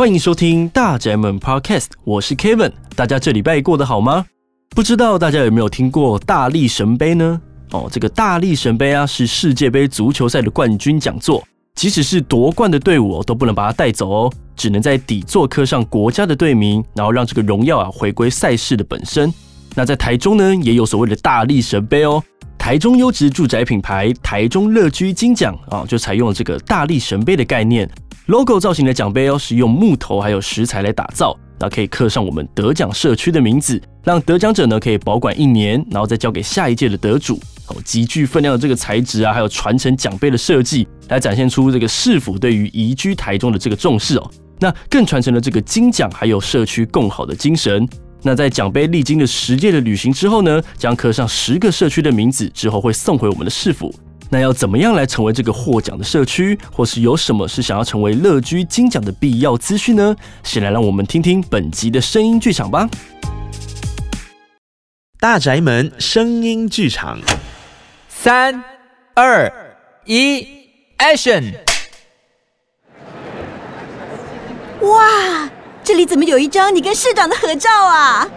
歡迎收聽《大宅門》Podcast，我是 Kevin。大家這禮拜過得好嗎？不知道大家有沒有聽過大力神杯呢？哦，這個大力神杯啊，是世界杯足球賽的冠軍獎座，即使是奪冠的隊伍都不能把它帶走哦，只能在底座刻上國家的隊名，然後讓這個榮耀啊回歸賽事的本身。那在台中呢，也有所謂的大力神杯哦。台中優質住宅品牌台中樂居金獎啊，哦，就採用了這個大力神杯的概念，logo 造型的獎杯哦，是用木頭還有石材來打造，那可以刻上我們得獎社區的名字，讓得獎者呢可以保管一年，然後再交給下一屆的得主。哦，極具分量的這個材質啊，還有傳承獎杯的設計，來展現出這個市府對於宜居台中的這個重視哦。那更傳承了這個金獎還有社區共好的精神。那在獎杯歷經了十屆的旅行之後呢，將刻上十個社區的名字，之後會送回我們的市府。那要怎麼樣來成為這個獲獎的社區，或是有什麼是想要成為樂居金獎的必要資訊呢？先來讓我們聽聽本集的聲音劇場吧。大宅門聲音劇場，三二一，Action！哇！這裡怎麼有一張你跟市長的合照啊？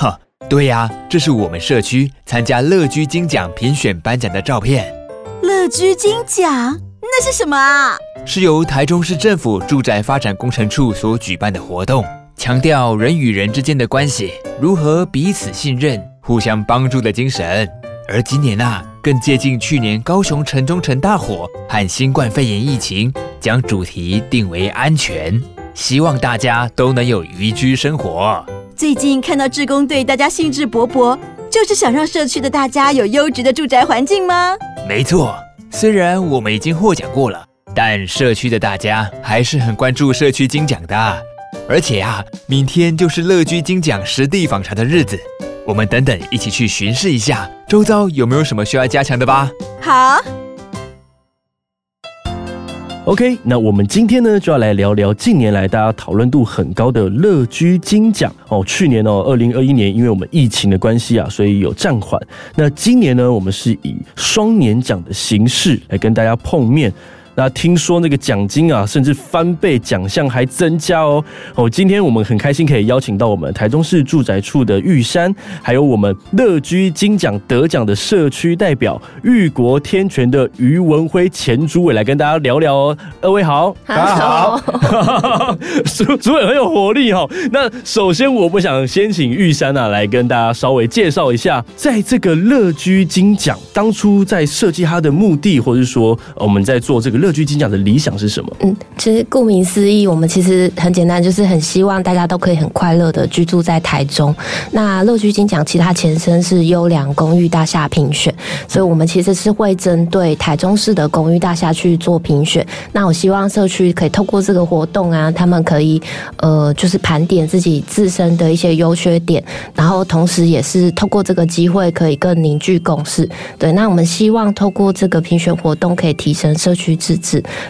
哦、對呀、啊，這是我們社區參加樂居金獎評選頒獎的照片。樂居金獎那是什麼啊？是由台中市政府住宅發展工程處所舉辦的活動，強調人與人之間的關係如何彼此信任、互相幫助的精神。而今年呢、啊，更借鏡去年高雄城中城大火和新冠肺炎疫情，將主題定為安全。希望大家都能有宜居生活。最近看到志工對大家興致勃勃，就是想讓社區的大家有優質的住宅環境嗎？沒錯，雖然我們已經獲獎過了，但社區的大家還是很關注社區金獎的。而且啊，明天就是樂居金獎實地訪查的日子，我們等等一起去巡視一下，周遭有沒有什麼需要加強的吧？好。OK，那我們今天呢，就要來聊聊近年來大家討論度很高的樂居金獎哦。去年哦，2021年，因為我們疫情的關係啊，所以有暫緩。那今年呢，我們是以雙年獎的形式來跟大家碰面。那聽說那個獎金啊，甚至翻倍，獎項還增加哦哦！今天我們很開心可以邀請到我們台中市住宅處的玉山，還有我們樂居金獎得獎的社區代表玉國天泉的於文輝前主委來跟大家聊聊哦。二位好，大家好，主 主委很有活力哈、哦。那首先我不想先請玉山啊來跟大家稍微介紹一下，在這個樂居金獎當初在設計它的目的，或是說我們在做這個樂。樂居金獎的理想是什麼？嗯，其實顧名思義，我們其實很簡單，就是很希望大家都可以很快樂的居住在台中。那樂居金獎，其他前身是優良公寓大廈評選，所以我們其實是會針對台中市的公寓大廈去做評選。那我希望社區可以透過這個活動啊，他們可以呃，就是盤點自己自身的一些優缺點，然後同時也是透過這個機會可以更凝聚共識。對，那我們希望透過這個評選活動，可以提升社區自。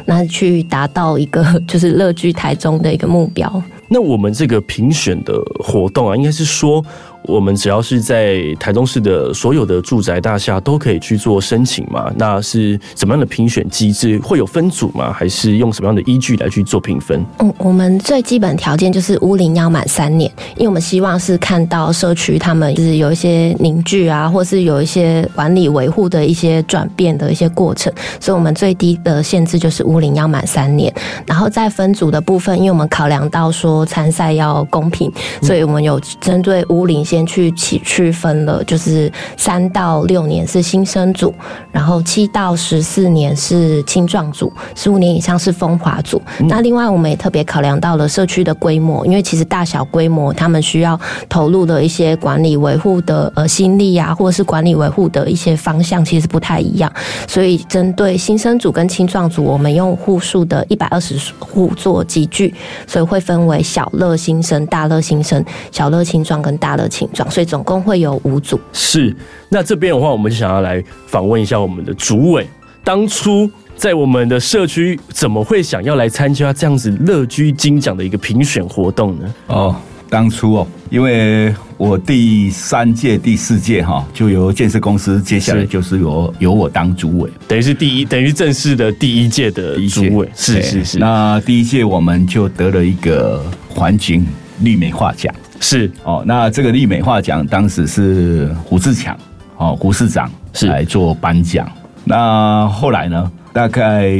那去達到一個就是樂居台中的一個目標。那我們這個評選的活動啊，應該是說。我們只要是在台中市的所有的住宅大廈都可以去做申請嘛？那是怎麼樣的評選機制？會有分組嗎？還是用什麼樣的依據來去做評分？嗯，我們最基本條件就是屋齡要滿三年，因為我們希望是看到社區他們就是有一些凝聚啊，或是有一些管理維護的一些轉變的一些過程，所以我們最低的限制就是屋齡要滿三年。然後在分組的部分，因為我們考量到說參賽要公平，所以我們有針對屋齡先。去區區分了，就是三到六年是新生組，然後七到十四年是青壯組，十五年以上是風華組。嗯。那另外我們也特別考量到了社區的規模，因為其實大小規模他們需要投入的一些管理維護的呃心力啊，或者是管理維護的一些方向其實不太一樣。所以針對新生組跟青壯組，我們用戶數的一百二十戶做級距，所以會分為小樂新生、大樂新生、小樂青壯跟大樂青。所以總共會有五組。是，那這邊的話，我們就想要來訪問一下我們的主委。當初在我們的社區，怎麼會想要來參加這樣子樂居金獎的一個評選活動呢？哦，當初哦，因為我第三屆、第四屆哈、哦，就由建設公司，接下來就是由由是我當主委，等於是第一，等於正式的第一屆的主委。是是是。是是是，那第一屆我們就得了一個環境綠美化獎。是哦，那這個立美化獎當時是胡志強哦，胡市長是來做頒獎。是那後來呢，大概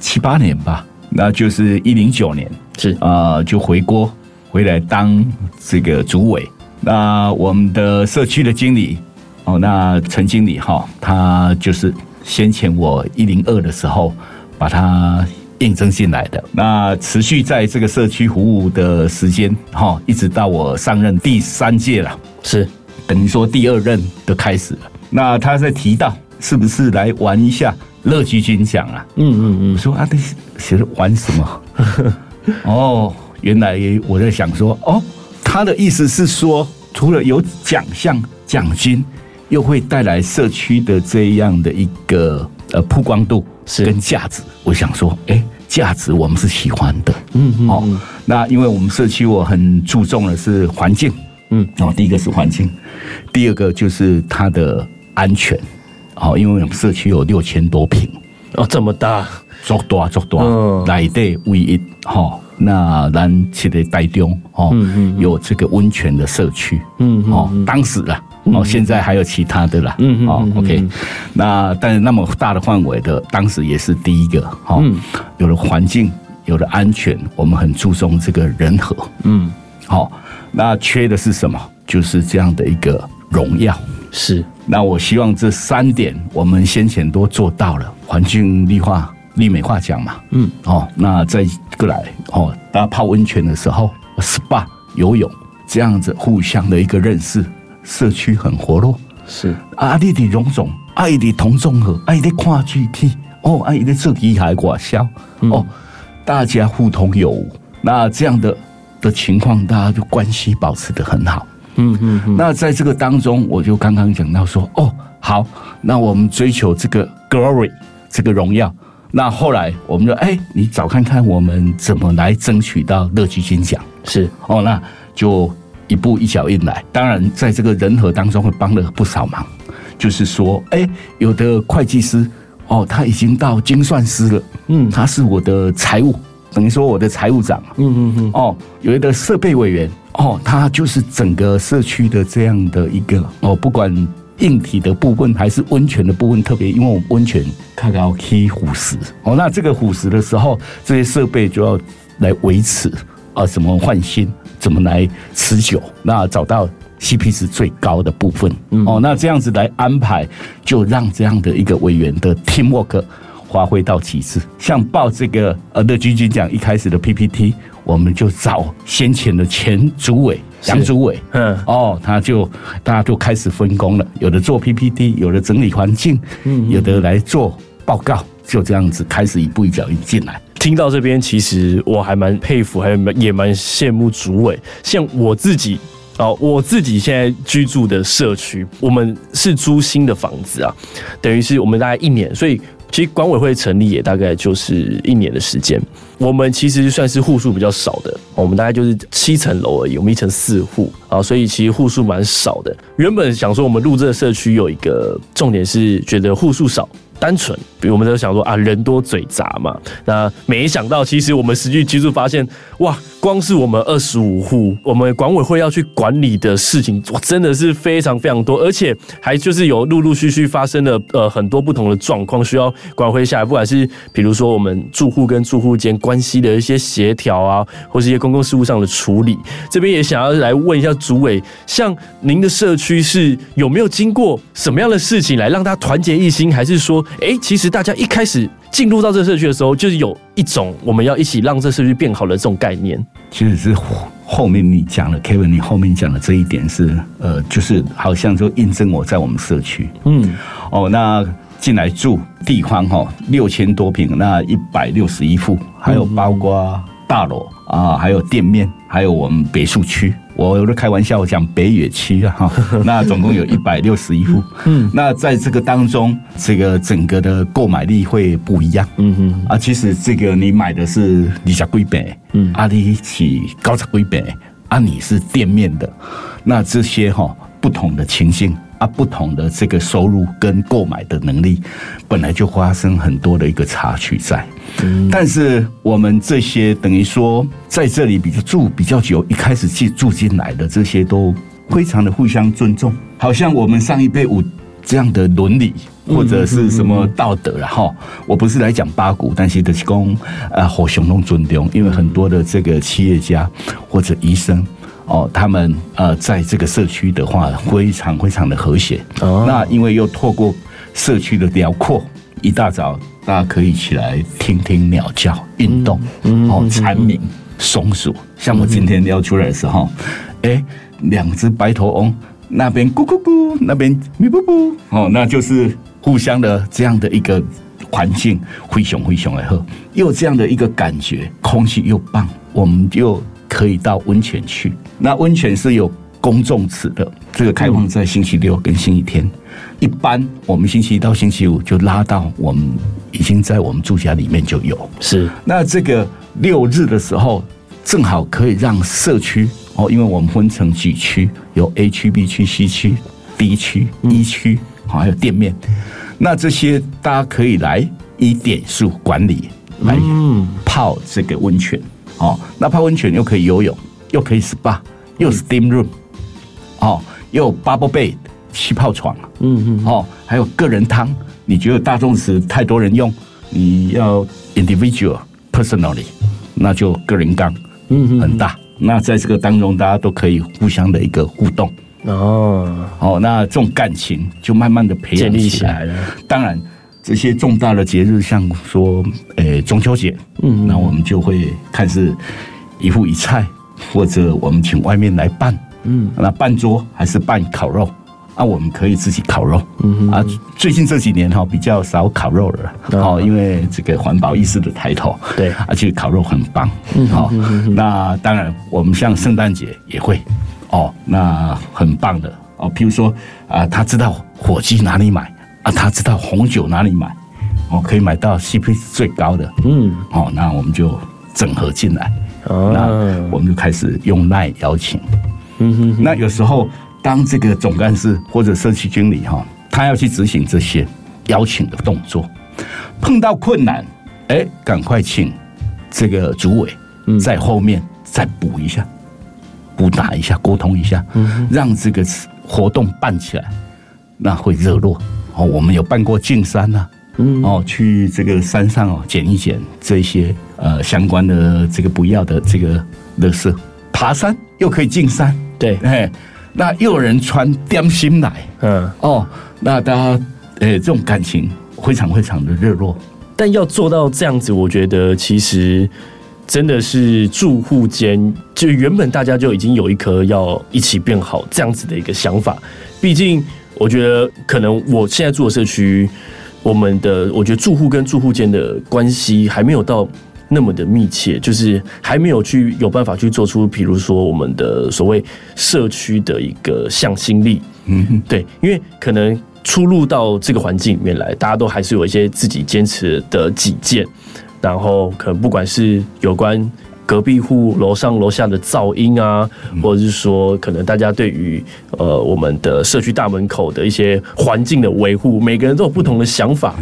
七八年吧，那就是一零九年是啊、呃，就回鍋回來當這個主委。那我們的社區的經理哦，那陳經理哈、哦，他就是先前我一零二的時候把他。應徵進來的，那持續在這個社區服務的時間，哈，一直到我上任第三屆了，是等於說第二任的開始了。那他在提到是不是來玩一下樂居金獎啊？嗯嗯嗯，嗯嗯說啊，對，寫著玩什麼？ 哦，原來我在想說，哦，他的意思是說，除了有獎項獎金，又會帶來社區的這樣的一個。呃，曝光度是跟價值，我想說，哎，價值我們是喜歡的，嗯，好，那因為我們社區我很注重的是環境，嗯，哦，第一個是環境，第二個就是它的安全，好，因為我們社區有六千多坪，哦，這麼大，足大足大，來，地唯一哈，那咱吃的台中，哦，有這個溫泉的社區，嗯，好當時啊。哦，現在還有其他的啦，嗯嗯，OK，那但是那麼大的範圍的，當時也是第一個，哦、嗯，有了環境，有了安全，我們很注重這個人和，嗯，好、哦，那缺的是什麼？就是這樣的一個榮耀，是。那我希望這三點我們先前都做到了，環境綠化、綠美化獎嘛，嗯，哦，那再過來哦，大家泡溫泉的時候，SPA、游泳，這樣子互相的一個認識。社區很活絡，是阿里的融總，阿的同綜和阿的跨劇體，哦，阿的這題還寡笑，小嗯、哦，大家互通有無，那這樣的的情況，大家就關係保持得很好，嗯嗯，嗯嗯，那在這個當中，我就剛剛講到說，哦，好，那我們追求這個 glory，這個榮耀，那後來我們就哎、欸，你找看看我們怎麼來爭取到樂居金獎，是哦，那就。一步一腳印來，當然在這個人和當中會幫了不少忙。就是說，哎、欸，有的會計師哦，他已經到精算師了，嗯，他是我的財務，等於說我的財務長，嗯嗯嗯，哦，有一個設備委員，哦，他就是整個社區的這樣的一個，哦，不管硬體的部分還是溫泉的部分，特別因為我們溫泉他要去腐蝕哦，那這個腐蝕的時候，這些設備就要來維持啊，什麼換新。嗯怎麼來持久？那找到 CP 值最高的部分，嗯、哦，那這樣子來安排，就讓這樣的一個委員的 teamwork 發揮到極致。像報這個呃，樂居金獎一開始的 PPT，我們就找先前的前主委、楊主是委，嗯，哦，他就大家就開始分工了，有的做 PPT，有的整理環境，有的來做報告。嗯嗯嗯就這樣子開始一步一腳印進來。聽到這邊，其實我還蠻佩服，還有也蠻羨慕主委。像我自己啊，我自己現在居住的社區，我們是租新的房子啊，等於是我們大概一年，所以其實管委會成立也大概就是一年的時間。我們其實算是戶數比較少的，我們大概就是七層樓而已，我們一層四戶啊，所以其實戶數蠻少的。原本想說我們入這個社區有一個重點是覺得戶數少。單純，比如我們都想說啊，人多嘴雜嘛。那沒想到，其實我們實際居住發現，哇，光是我們二十五戶，我們管委會要去管理的事情，哇，真的是非常非常多，而且還就是有陸陸續續發生了呃很多不同的狀況，需要管回下來。不管是比如說我們住戶跟住戶間關係的一些協調啊，或是一些公共事務上的處理，這邊也想要來問一下主委，像您的社區是有沒有經過什麼樣的事情來讓他團結一心，還是說？誒，其實大家一開始進入到這社區的時候，就是有一種我們要一起讓這社區變好的這種概念。其實是後面你講的 Kevin，你後面講的這一點是呃，就是好像就印證我在我們社區。嗯，哦，那進來住地方哈、哦，六千多平，那一百六十一戶，還有包括大樓啊、呃，還有店面，還有我們別墅區。我有時候開玩笑，我講北野區啊，哈，那總共有一百六十一戶，嗯， 那在這個當中，這個整個的購買力會不一樣，嗯哼，啊，其實這個你買的是地下歸北，嗯，阿里起高層歸北，阿里是、啊、是店面的，那這些哈不同的情形。啊，不同的這個收入跟購買的能力本來就發生很多的一個差距在。但是我們這些等於說在這裡比較住比較久，一開始去住進來的這些都非常的互相尊重，好像我們上一輩有這樣的倫理或者是什麼道德，然後我不是來講八股，但是的供啊火熊龍尊重，因為很多的這個企業家或者醫生。哦，他們呃，在這個社區的話，非常非常的和諧。Oh. 那因為又透過社區的遼闊，一大早大家可以起來聽聽鳥叫、運動、哦、蟬鳴、松鼠。像我今天撩出來的時候，哎、mm，兩、hmm. 隻、欸、白頭翁那邊咕咕咕，那邊咪噗噗，哦，那就是互相的這樣的一個環境。灰熊，灰熊，來喝，又這樣的一個感覺，空氣又棒，我們就。可以到溫泉去，那溫泉是有公眾池的，對這個開放在星期六跟星期天。一般我們星期一到星期五就拉到我們已經在我們住家裡面就有。是，那這個六日的時候，正好可以讓社區哦，因為我們分成幾區，有 A 區、B 區、C 區、D 區、嗯、E 區，還有店面。那這些大家可以來以點數管理來泡這個溫泉。嗯哦，那泡溫泉又可以游泳，又可以 SPA，又 Steam Room，哦，又 Bubble Bed 氣泡床，嗯嗯哼，哦，還有個人湯。你覺得大眾池太多人用，你要 Individual Personally，那就個人缸，嗯很大。嗯哼，那在這個當中，大家都可以互相的一個互動，哦，好，那這種感情就慢慢的培養起來，起來了。當然。這些重大的節日，像說，誒、欸，中秋節，嗯哼，那我們就會看是一戶一菜，或者我們請外面來辦，嗯，那辦桌還是辦烤肉，啊，我們可以自己烤肉，嗯哼，啊，最近這幾年哈、喔、比較少烤肉了，哦、嗯哼喔，因為這個環保意識的抬頭，對、嗯哼，而且、啊、烤肉很棒，嗯哼，哦、喔，那當然我們像聖誕節也會，哦、喔，那很棒的，哦、喔，譬如說啊，他知道火雞哪裡買。啊，他知道紅酒哪裡買，我、喔、可以買到 CP 值最高的。嗯，哦、喔，那我們就整合進來，哦、那我們就開始用 Line 邀請。嗯哼，哼，那有時候當這個總幹事或者社區經理哈、喔，他要去執行這些邀請的動作，碰到困難，哎、欸，趕快請這個主委在後面再補一下，補、嗯、打一下，溝通一下，讓這個活動辦起來，那會熱絡。哦、我們有辦過淨山吶，嗯，哦，去這個山上哦，撿一撿這些呃相關的這個不要的這個垃圾，爬山又可以淨山，對嘿，那又有人穿點心來，嗯，哦，那大家誒，這種感情非常非常的熱絡，但要做到這樣子，我覺得其實真的是住戶間就原本大家就已經有一顆要一起變好這樣子的一個想法，畢竟。我覺得可能我現在住的社區，我們的我覺得住戶跟住戶間的關係還沒有到那麼的密切，就是還沒有去有辦法去做出，比如說我們的所謂社區的一個向心力。嗯哼，對，因為可能出入到這個環境裡面來，大家都還是有一些自己堅持的己見，然後可能不管是有關。隔壁戶樓上樓下的噪音啊，或者是說，可能大家對於呃，我們的社區大門口的一些環境的維護，每個人都有不同的想法。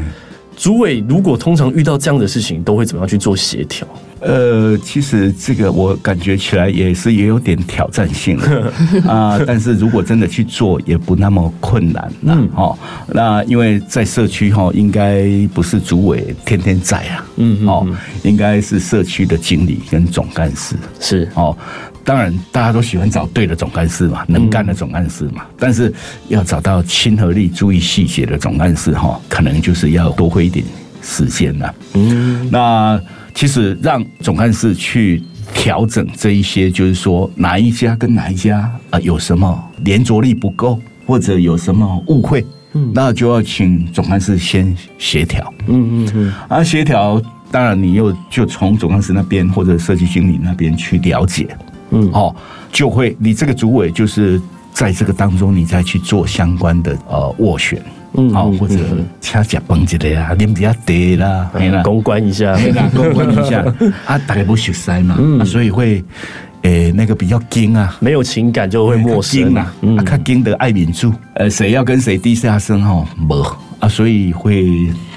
主委如果通常遇到這樣的事情，都會怎麼樣去做協調？呃，其實這個我感覺起來也是也有點挑戰性了 啊。但是如果真的去做，也不那麼困難了。嗯、哦，那因為在社區哈、哦，應該不是主委天天在啊。嗯，嗯哦，應該是社區的經理跟總幹事是哦。當然，大家都喜歡找對的總幹事嘛，能幹的總幹事嘛。嗯、但是要找到親和力、注意細節的總幹事哈、哦，可能就是要多花一點時間了。嗯，那。其實讓總幹事去調整這一些，就是說哪一家跟哪一家啊，有什麼連着力不夠，或者有什麼誤會，那就要請總幹事先協調。嗯嗯嗯。啊協調，當然你又就從總幹事那邊或者設計經理那邊去了解。嗯，哦，就會你這個主委就是。在這個當中，你再去做相關的呃斡旋，嗯，好，或者掐架繃結的呀，臉比較得啦，沒了，公關一下，公關一下，啊，大家不熟悉嘛，嗯，所以會，誒，那個比較僵啊，沒有情感就會陌生啦，嗯，他僵的愛抿住，呃，誰要跟誰低下身哦，沒，啊，所以會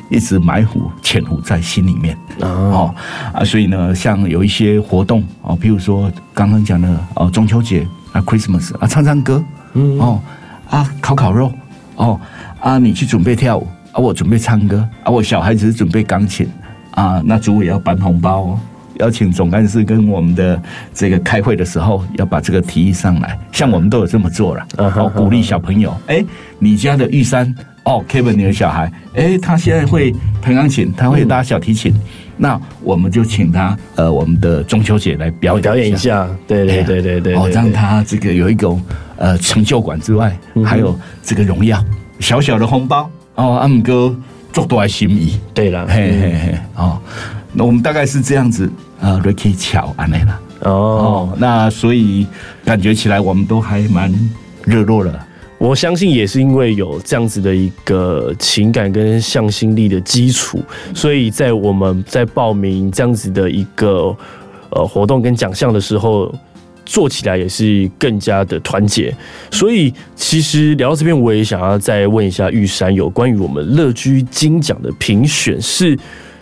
一直埋伏、潛伏在心裡面，哦，啊，所以呢，像有一些活動啊，譬如說剛剛講的啊，中秋節。啊，Christmas 啊，唱唱歌，嗯，嗯哦，啊，烤烤肉，哦，啊，你去準備跳舞，啊，我準備唱歌，啊，我小孩子準備鋼琴，啊，那主委要頒紅包哦，邀請總幹事跟我們的這個開會的時候要把這個提議上來，像我們都有這麼做了，哦，鼓勵小朋友。哎呵、欸，你家的玉山，哦，Kevin 你的小孩，哎、欸，他現在會彈鋼琴，他會拉小提琴。嗯那我們就請他，呃，我們的中秋節來表演表演一下，對對對對對，哦，讓他這個有一種呃成就感之外，嗯、還有這個榮耀，小小的紅包哦，阿姆哥做多心意，對啦，嘿嘿嘿，嗯、哦，那我們大概是這樣子，Ricky 喬安梅拉，呃、哦，哦，那所以感覺起來我們都還蠻熱絡的。我相信也是因為有這樣子的一個情感跟向心力的基礎，所以在我們在報名這樣子的一個呃活動跟獎項的時候，做起來也是更加的團結。所以其實聊到這邊，我也想要再問一下玉山，有關於我們樂居金獎的評選是。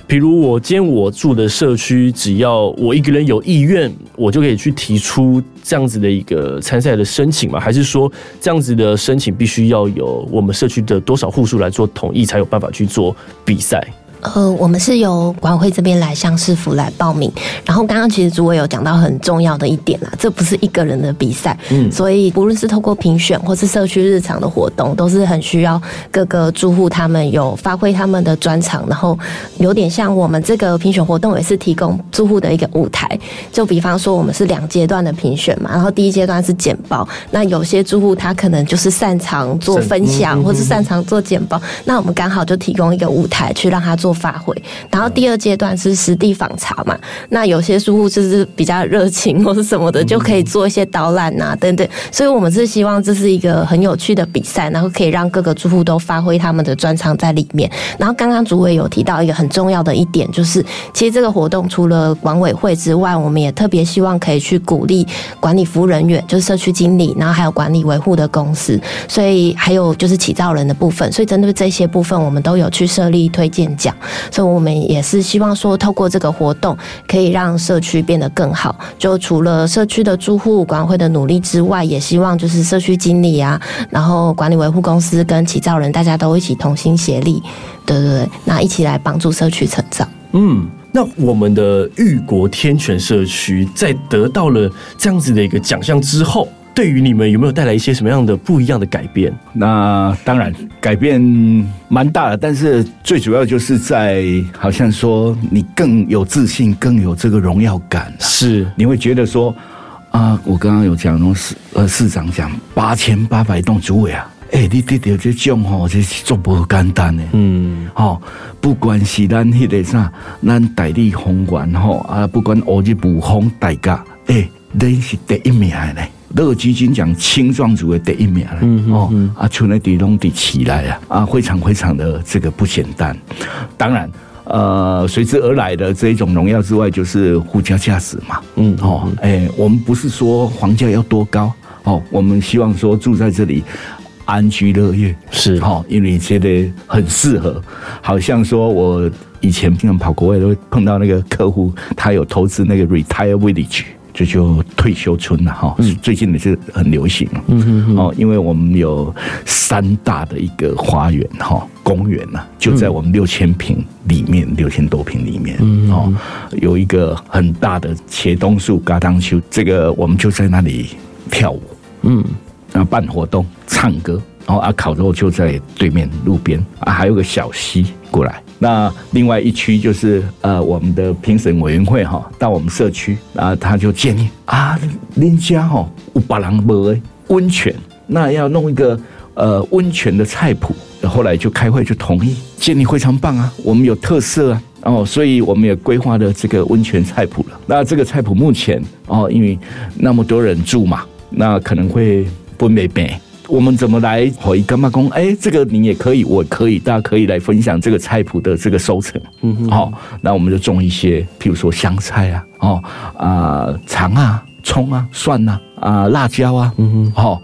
比如我今天我住的社區，只要我一個人有意願，我就可以去提出這樣子的一個參賽的申請嗎？還是說這樣子的申請必須要有我們社區的多少戶數來做同意，才有辦法去做比賽？呃，我們是由管委會這邊來向市府來報名。然後剛剛其實主委有講到很重要的一點啦，這不是一個人的比賽，嗯，所以無論是透過評選或是社區日常的活動，都是很需要各個住戶他們有發揮他們的專長。然後有點像我們這個評選活動也是提供住戶的一個舞台。就比方說我們是兩階段的評選嘛，然後第一階段是簡報，那有些住戶他可能就是擅長做分享是、嗯嗯嗯嗯、或是擅長做簡報，那我們剛好就提供一個舞台去讓他做。發揮，然後第二階段是實地訪查嘛，那有些住戶就是比較熱情或者什麼的，就可以做一些導覽吶等等。所以，我們是希望這是一個很有趣的比賽，然後可以讓各個住戶都發揮他們的專長在裡面。然後，剛剛主委有提到一個很重要的一點，就是其實這個活動除了管委會之外，我們也特別希望可以去鼓勵管理服務人員，就是社區經理，然後還有管理維護的公司。所以，還有就是起造人的部分。所以，針對這些部分，我們都有去設立推薦獎。所以我們也是希望說，透過這個活動，可以讓社區變得更好。就除了社區的住戶、管委會的努力之外，也希望就是社區經理啊，然後管理維護公司跟起造人，大家都一起同心協力，對對對，那一起來幫助社區成長。嗯，那我們的裕國天泉社區在得到了這樣子的一個獎項之後，對於你們有沒有帶來一些什麼樣的不一樣的改變？那當然改變蠻大的，但是最主要就是在好像說你更有自信，更有這個榮耀感啊。是，你會覺得說啊，我剛剛有講，市呃市長講八千八百棟主委啊，哎，你得到這種吼，這是足不簡單呢。嗯，好，哦，不管是咱迄個啥，咱代理宏觀吼啊，不管二級補紅大家，哎，恁是第一名嘞。樂居金獎青壯組的第一名了哦，嗯、哼哼啊，從那底隆底起來啊，啊，非常非常的這個不簡單。當然，呃，隨之而來的這一種榮耀之外，就是附加價值嘛。嗯哼，哦，哎、欸，我們不是說房價要多高哦，我們希望說住在這裡安居樂業是哈，因為覺得很適合。好像說我以前經常跑國外都會碰到那個客戶，他有投資那個 Retire Village。這就，就退休村了哈，嗯、哼最近也是很流行哦，嗯、哼因為我們有三大的一個花園哈、哦、公園呢、啊，就在我們六千平裡面，六千多平裡面哦，有一個很大的茄東樹、噶當丘，這個我們就在那裡跳舞，嗯，然後辦活動、唱歌。然後啊，烤肉就在對面路邊啊，還有個小溪過來。那另外一區就是呃，我們的評審委員會哈、哦，到我們社區，然、啊、後他就建議啊，您家哈五八郎溫泉，那要弄一個呃溫泉的菜譜。後來就開會就同意，建議非常棒啊，我們有特色啊，然、哦、後所以我們也規劃了這個溫泉菜譜了。那這個菜譜目前哦，因為那麼多人住嘛，那可能會不美美。我們怎麼來回干媽公？哎、欸，這個你也可以，我可以，大家可以來分享這個菜圃的這個收成。嗯哼，好、哦，那我們就種一些，譬如說香菜啊，哦啊，腸、呃、啊，蔥啊，蒜吶、啊，啊、呃，辣椒啊，嗯哼，好、哦，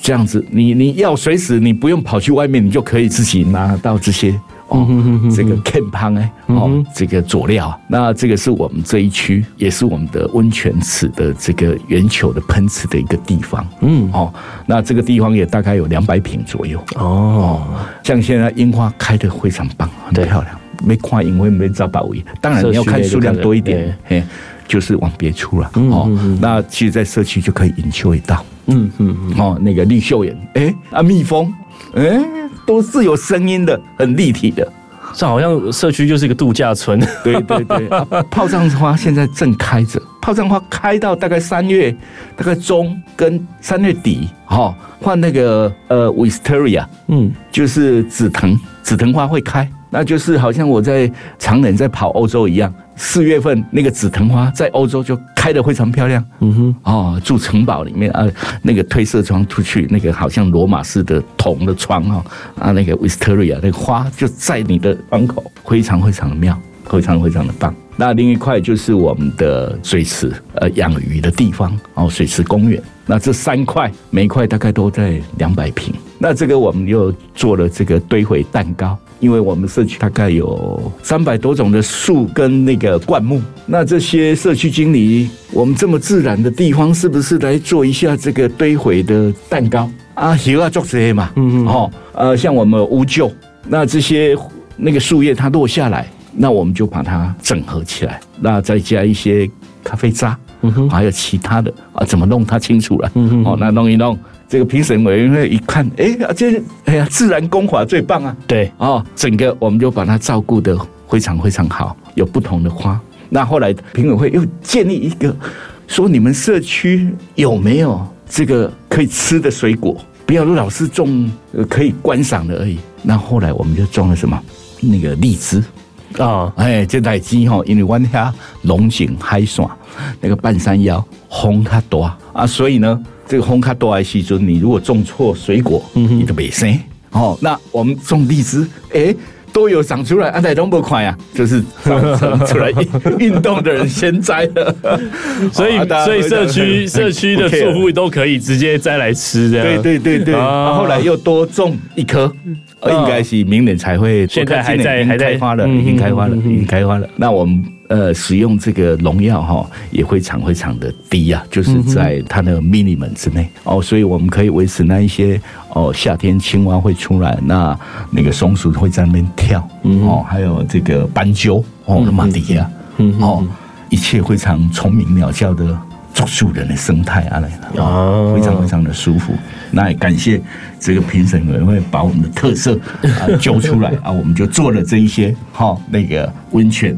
這樣子，你你要隨時，你不用跑去外面，你就可以自己拿到這些。哦，嗯嗯、這個 can p n 哦，喔嗯、哼這個佐料，那這個是我們這一區，也是我們的溫泉池的這個圓球的噴池的一個地方，嗯，哦、喔，那這個地方也大概有兩百坪左右，哦，像現在櫻花開得非常棒，很漂亮，沒花引，因為沒做到育，當然你要看數量多一點，嘿，欸、就是往別處了，哦、嗯哼喔，那其實，在社區就可以引去一道，嗯嗯嗯，哦，那個綠繡眼，哎、欸、啊，蜜蜂，哎、欸。都是有聲音的，很立體的。這好像社區就是一個度假村， 對對對。啊、炮仗花現在正開着，炮仗花開到大概三月，大概中跟三月底，哈、哦，換那個呃，Wisteria，嗯，就是紫藤，紫藤花會開。那就是好像我在常年在跑歐洲一樣，四月份那個紫藤花在歐洲就開得非常漂亮。嗯哼，哦，住城堡裡面啊，那個推色窗出去，那個好像羅馬式的銅的窗哈、哦、啊，那個 Wisteria 那個花就在你的窗口，非常非常的妙，非常非常的棒。那另一塊就是我們的水池，呃，養魚的地方，哦，水池公園。那這三塊每塊大概都在兩百平。那這個我們又做了這個堆肥蛋糕。因為我們社區大概有三百多種的樹跟那個灌木，那這些社區經理，我們這麼自然的地方，是不是來做一下這個堆肥的蛋糕啊？有啊，做這些嘛。嗯嗯。好，呃，像我們烏桕，那這些那個樹葉它落下來，那我們就把它整合起來，那再加一些咖啡渣，嗯哼，還有其他的啊，怎麼弄它清楚了？嗯嗯。哦，那弄一弄。這個評審委員會一看，哎呀、啊、這哎呀，自然工法最棒啊！對，哦，整個我們就把它照顧得非常非常好，有不同的花。那後來評委會又建立一個，說你們社區有沒有這個可以吃的水果？不要老是種可以觀賞的而已。那後來我們就種了什麼？那個荔枝啊，哦、哎，這台機哈，因為灣下龍井嗨爽那個半山腰風太大啊，所以呢。這個紅卡都愛惜，就你如果種錯水果，你的沒生哦。那我們種荔枝，哎，都有長出來，啊，在東北快啊！就是長出來，運動的人先摘了，所以所以社區社區的樹木都可以直接摘來吃的。對對對對，後來又多種一棵，應該是明年才會。現在還在已經開花了，已經開花了，已經開花了。那我們。呃，使用這個農藥哈，也會非常非常的低呀，啊，就是在它的 minimum 之內哦，所以我們可以維持那一些哦，夏天青蛙會出來，那那個松鼠會在那邊跳哦，還有這個斑鳩哦，那麼低呀哦，一切非常蟲鳴鳥叫的住人的生態啊，來了，非常非常的舒服。那也感謝這個評審委員會把我們的特色啊揪出來啊，我們就做了這一些哈，那個溫泉。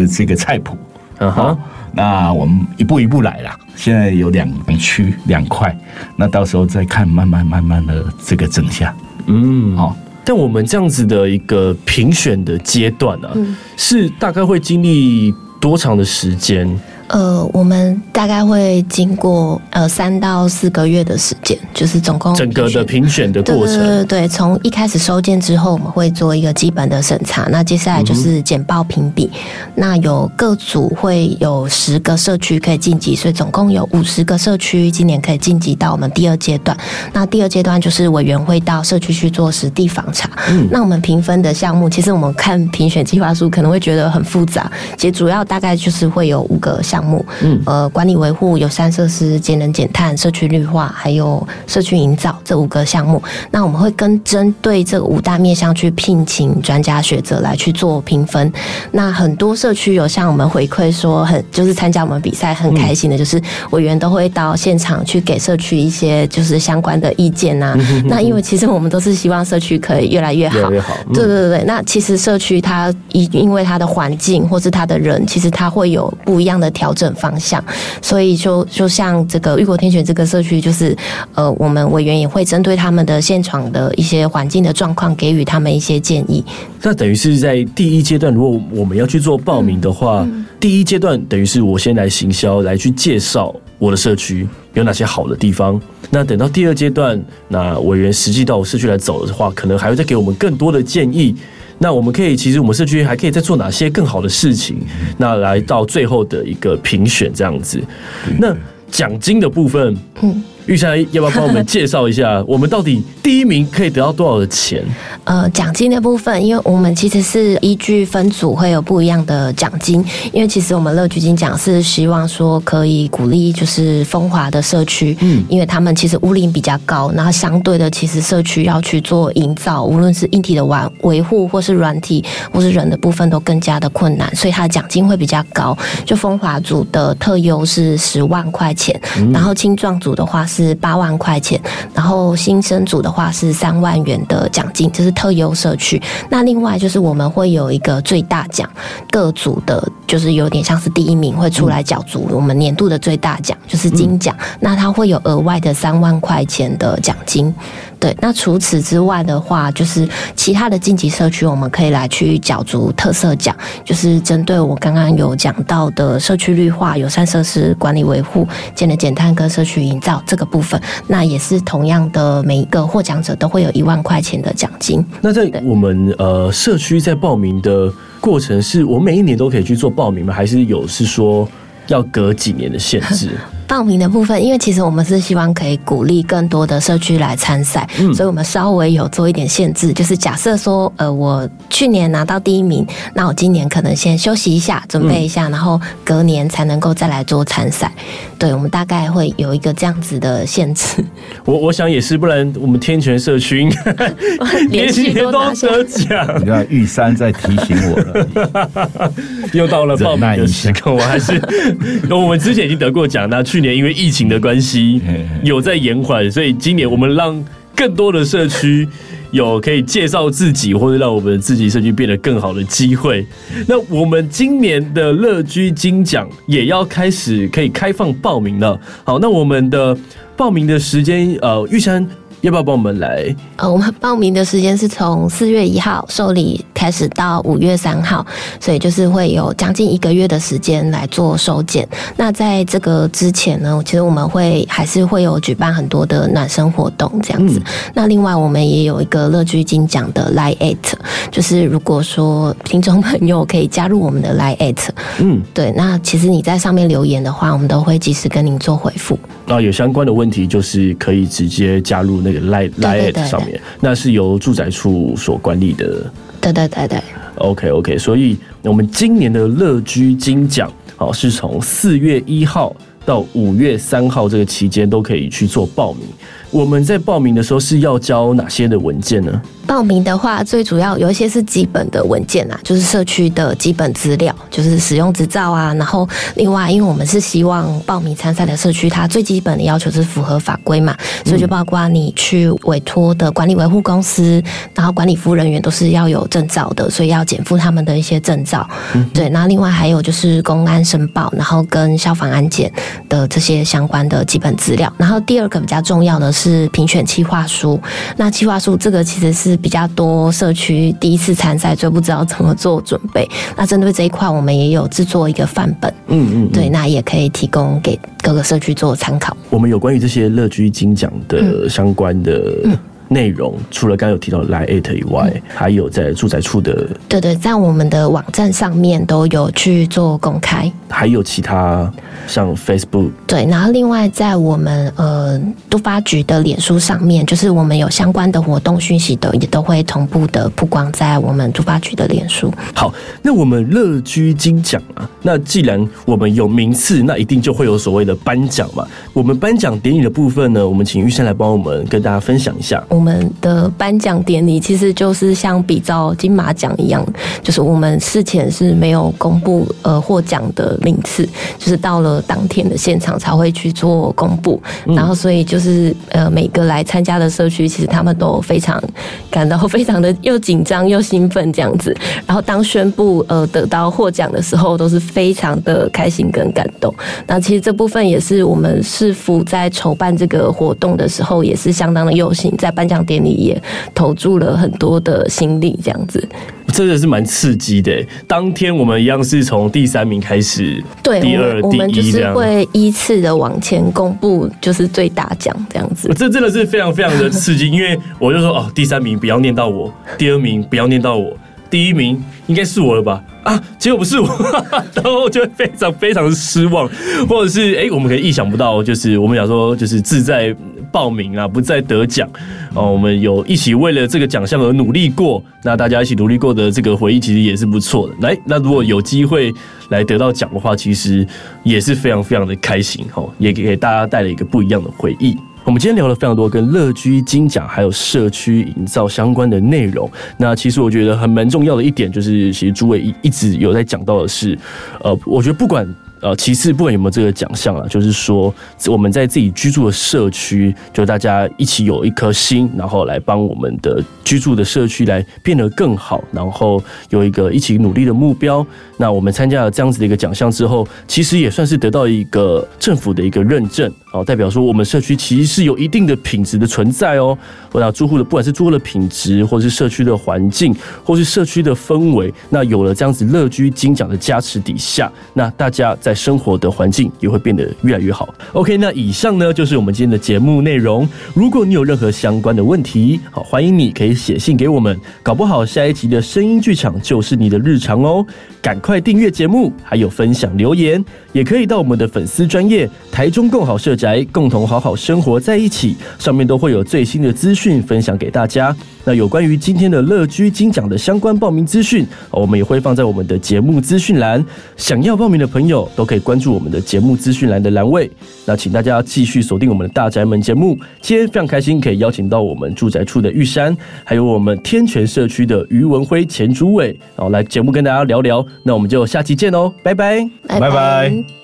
的這個菜譜、啊哈哦，那我們一步一步來啦。現在有兩區兩塊，那到時候再看，慢慢慢慢的這個整下。嗯，好、哦。但我們這樣子的一個評選的階段呢、啊，嗯、是大概會經歷多長的時間？呃，我們大概會經過呃三到四個月的時間，就是總共整個的評選的過程。對，對，對，從一開始收件之後，我們會做一個基本的審查。那接下來就是簡報評比。嗯、哼那有各組會有十個社區可以晉級，所以總共有五十個社區今年可以晉級到我們第二階段。那第二階段就是委員會到社區去做實地訪查。嗯，那我們評分的項目，其實我們看評選計劃書可能會覺得很複雜，其實主要大概就是會有五個項目。嗯，呃，管理維護有三設施，節能減碳、社區綠化，還有社區營造。這五個項目，那我們會跟針對這五大面向去聘請專家學者來去做評分。那很多社區有向我們回饋說很，很就是參加我們比賽很開心的，就是委員都會到現場去給社區一些就是相關的意見吶、啊。嗯、那因為其實我們都是希望社區可以越來越好，越來越好。對、嗯、對對對。那其實社區它因因為它的環境或是它的人，其實它會有不一樣的調整方向。所以就就像這個玉國天選這個社區，就是呃，我們委員也。會針對他們的現場的一些環境的狀況，給予他們一些建議。那等於是在第一階段，如果我們要去做報名的話，嗯嗯、第一階段等於是我先來行銷，來去介紹我的社區有哪些好的地方。那等到第二階段，那委員實際到我社區來走的話，可能還會再給我們更多的建議。那我們可以，其實我們社區還可以再做哪些更好的事情？嗯、那來到最後的一個評選這樣子。嗯、那獎金的部分，嗯。玉霞，要不要幫我們介紹一下，我們到底第一名可以得到多少的錢？呃，獎金的部分，因為我們其實是依據分組會有不一樣的獎金，因為其實我們樂居金獎是希望說可以鼓勵，就是風華的社區，嗯，因為他們其實屋齡比較高，然後相對的，其實社區要去做營造，無論是硬體的維維護或是軟體或是人的部分都更加的困難，所以他的獎金會比較高。就風華組的特優是十萬塊錢，嗯、然後青壯組的話。是八萬塊錢，然後新生組的話是三萬元的獎金，這、就是特優社區。那另外就是我們會有一個最大獎，各組的就是有點像是第一名會出來角逐我們年度的最大獎，就是金獎。那它會有額外的三萬塊錢的獎金。對，那除此之外的話，就是其他的晉級社區，我們可以來去角逐特色獎，就是針對我剛剛有講到的社區綠化、友善設施管理維護、節能減碳跟社區營造這個部分，那也是同樣的，每一個獲獎者都會有一萬塊錢的獎金。那在我們對呃社區在報名的過程是，是我每一年都可以去做報名嗎？還是有是說要隔幾年的限制？ 報名的部分，因為其實我們是希望可以鼓勵更多的社區來參賽，嗯，所以我們稍微有做一點限制，就是假設說，呃，我去年拿到第一名，那我今年可能先休息一下，準備一下，嗯，然後隔年才能夠再來做參賽。對，我們大概會有一個這樣子的限制。我我想也是，不然我們天泉社區連續多拿獎，你看玉山在提醒我了， 又到了報名的時刻，我還是，我們之前已經得過獎那。去年因為疫情的關係有在延緩，所以今年我們讓更多的社區有可以介紹自己或者讓我們的自己社區變得更好的機會。那我們今年的樂居金獎也要開始可以開放報名了。好，那我們的報名的時間，呃，玉山。要不要幫我們來？哦。我們報名的時間是從四月一號受理開始到五月三號，所以就是會有將近一個月的時間來做收件。那在這個之前呢，其實我們會還是會有舉辦很多的暖身活動這樣子。嗯、那另外我們也有一個樂居金獎的 LINE@，就是如果說聽眾朋友可以加入我們的 LINE@，嗯，對，那其實你在上面留言的話，我們都會及時跟您做回復。那有相關的問題就是可以直接加入那個，i 賴在上面，對對對對，那是由住宅處所管理的。對對對對，OK OK，所以我們今年的樂居金獎，好，是從四月一號到五月三號這個期間都可以去做報名。我們在報名的時候是要交哪些的文件呢？報名的話，最主要有一些是基本的文件啦、啊、就是社區的基本資料，就是使用執照啊。然後另外，因為我們是希望報名參賽的社區，它最基本的要求是符合法規嘛，所以就包括你去委託的管理維護公司，嗯、然後管理服務人員都是要有證照的，所以要檢附他們的一些證照。嗯、對，那另外還有就是公安申報，然後跟消防安檢的這些相關的基本資料。然後第二個比較重要的是評選計劃書。那計劃書這個其實是。比較多社區第一次參賽，最不知道怎麼做準備。那針對這一塊，我們也有制作一個範本，嗯嗯，嗯對，那也可以提供給各個社區做參考。我們有關於這些樂居金獎的相關的、嗯。嗯內容除了剛有提到 LINE@ 以外，嗯、還有在住宅處的對對，在我們的網站上面都有去做公開，還有其他像 Facebook 對，然後另外在我們呃都發局的臉書上面，就是我們有相關的活動訊息的也都會同步的曝光在我們都發局的臉書。好，那我們樂居金獎啊，那既然我們有名次，那一定就會有所謂的頒獎嘛。我們頒獎典禮的部分呢，我們請玉先生來幫我們跟大家分享一下。我們的頒獎典禮其實就是像比照金馬獎一樣，就是我們事前是沒有公布呃獲獎的名次，就是到了當天的現場才會去做公布。然後所以就是呃每個來參加的社區，其實他們都非常感到非常的又緊張又興奮這樣子。然後當宣布呃得到獲獎的時候，都是非常的開心跟感動。那其實這部分也是我們市府在籌辦這個活動的時候，也是相當的用心在辦。頒獎典禮也投注了很多的心力，這樣子，我真的是蠻刺激的。當天我們一樣是從第三名開始，對第二、第一這樣，會依次的往前公布，就是最大獎這樣子。我這真的是非常非常的刺激， 因為我就說哦，第三名不要念到我，第二名不要念到我，第一名應該是我的吧？啊，結果不是我， 然後我就非常非常的失望，或者是哎，我們可以意想不到，就是我們想說就是自在。報名啊，不再得獎哦。我們有一起為了這個獎項而努力過，那大家一起努力過的這個回憶其實也是不錯的。來，那如果有機會來得到獎的話，其實也是非常非常的開心哦，也給大家帶了一個不一樣的回憶。嗯、我們今天聊了非常多跟樂居金獎還有社區營造相關的內容。那其實我覺得還蠻重要的一點就是，其實諸位一一直有在講到的是，呃，我覺得不管。呃，其次，不管有沒有這個獎項啊，就是說我們在自己居住的社區，就大家一起有一顆心，然後來幫我們的居住的社區來變得更好，然後有一個一起努力的目標。那我們參加了這樣子的一個獎項之後，其實也算是得到一個政府的一個認證，哦，代表說我們社區其實是有一定的品質的存在哦。那住戶的，不管是住戶的品質，或是社區的環境，或是社區的氛圍，那有了這樣子樂居金獎的加持底下，那大家在。生活的環境也會變得越來越好。OK，那以上呢就是我們今天的節目內容。如果你有任何相關的問題，好，歡迎你可以寫信給我們。搞不好下一集的聲音劇場就是你的日常哦。趕快訂閱節目，還有分享留言，也可以到我們的粉絲專頁台中共好社宅，共同好好生活在一起。上面都會有最新的資訊分享給大家。那有關於今天的樂居金獎的相關報名資訊，我們也會放在我們的節目資訊欄。想要報名的朋友，都可以關注我們的節目資訊欄的欄位。那請大家繼續鎖定我們的大宅門節目。今天非常開心，可以邀請到我們住宅處的玉山，還有我們天泉社區的余文輝、前主委，然後來節目跟大家聊聊。那我們就下期見囉，拜拜，拜拜。拜拜